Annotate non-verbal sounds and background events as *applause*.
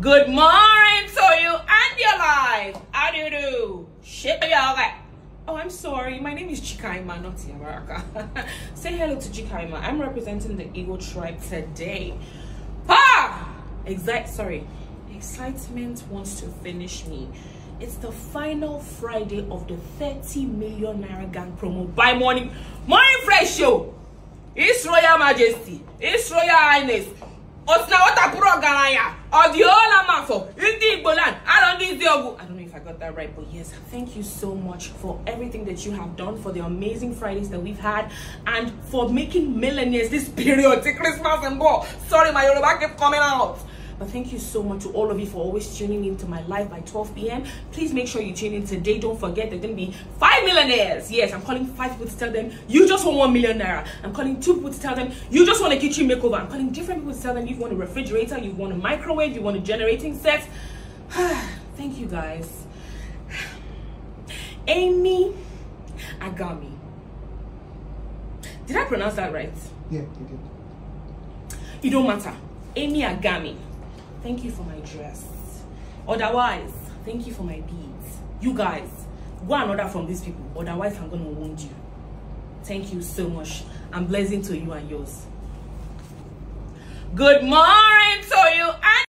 Good morning to you and your life. How do you do? Shit, y'all Oh, I'm sorry. My name is Chikaima, not Yamaraka. *laughs* Say hello to Chikaima. I'm representing the Eagle tribe today. Ah! Exact. Sorry. Excitement wants to finish me. It's the final Friday of the 30 million Naira Gang promo by morning. Morning Fresh Show. It's Royal Majesty. It's Royal Highness mafọ I don't know if I got that right but yes thank you so much for everything that you have done for the amazing Fridays that we've had and for making millennials this period Christmas and more sorry my Yoruba kept coming out but thank you so much to all of you for always tuning into my live by 12 p.m. Please make sure you tune in today. Don't forget, there's going to be five millionaires. Yes, I'm calling five people to tell them you just want one millionaire. I'm calling two people to tell them you just want a kitchen makeover. I'm calling different people to tell them you want a refrigerator, you want a microwave, you want a generating set. *sighs* thank you guys. *sighs* Amy Agami. Did I pronounce that right? Yeah, you did. It don't matter. Amy Agami thank you for my dress. Otherwise, thank you for my beads. You guys, go and order from these people. Otherwise, I'm going to wound you. Thank you so much. I'm blessing to you and yours. Good morning.